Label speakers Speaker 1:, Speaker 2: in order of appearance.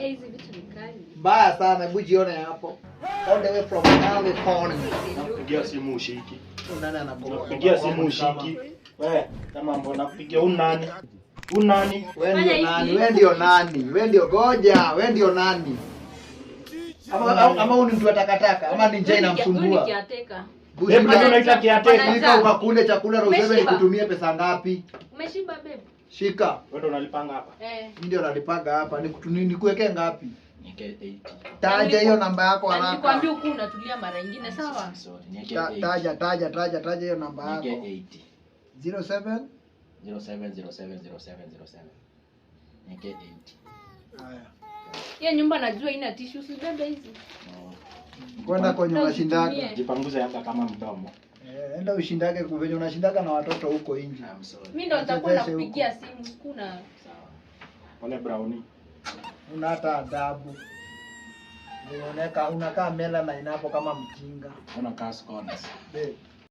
Speaker 1: Eh,
Speaker 2: Mbaya sana, hebu jione hapo. All the way from down the corner.
Speaker 3: simu ushiki.
Speaker 2: Nani anapoa?
Speaker 3: simu ushiki. Wewe, kama mbona napigia u nani? U nani?
Speaker 2: Wewe ndio nani? Wewe ndio nani? Wewe ndio goja, wewe ndio nani? Ama ama uni mtu atakataka, ama ni njaa inamsumbua.
Speaker 3: Hebu ndio unaita kiateka.
Speaker 2: Nika ukakunde chakula na useme nikutumie pesa ngapi?
Speaker 1: Umeshiba babe.
Speaker 2: Shika.
Speaker 3: Wewe ndio unalipanga hapa?
Speaker 1: Eh.
Speaker 2: Ndio nalipanga hapa. Nikutunini nikuweke ngapi? Niweke 80. Taja yaani hiyo namba yako yaani haraka.
Speaker 1: Nikwambia huku unatulia mara nyingine ah, sawa?
Speaker 4: Sorry, niweke
Speaker 2: 80. Taja taja taja taja hiyo namba yako. Niweke 80. 07
Speaker 4: 07 07 07 07. Niweke 80. Haya.
Speaker 1: Hiyo nyumba najua ina tissue, usibebe hizi.
Speaker 2: Kwenda kwenye mashindano.
Speaker 3: Jipanguze hapa kama mdomo.
Speaker 2: Eh, enda ushindage kuvenye unashindaga na watoto huko nje.
Speaker 1: Mimi ndo nitakuwa nakupigia simu kuna sawa.
Speaker 3: Pole brownie.
Speaker 2: Una hata adabu. Unaoneka unakaa mela na inapo kama mjinga.
Speaker 4: Unakaa scones. Eh.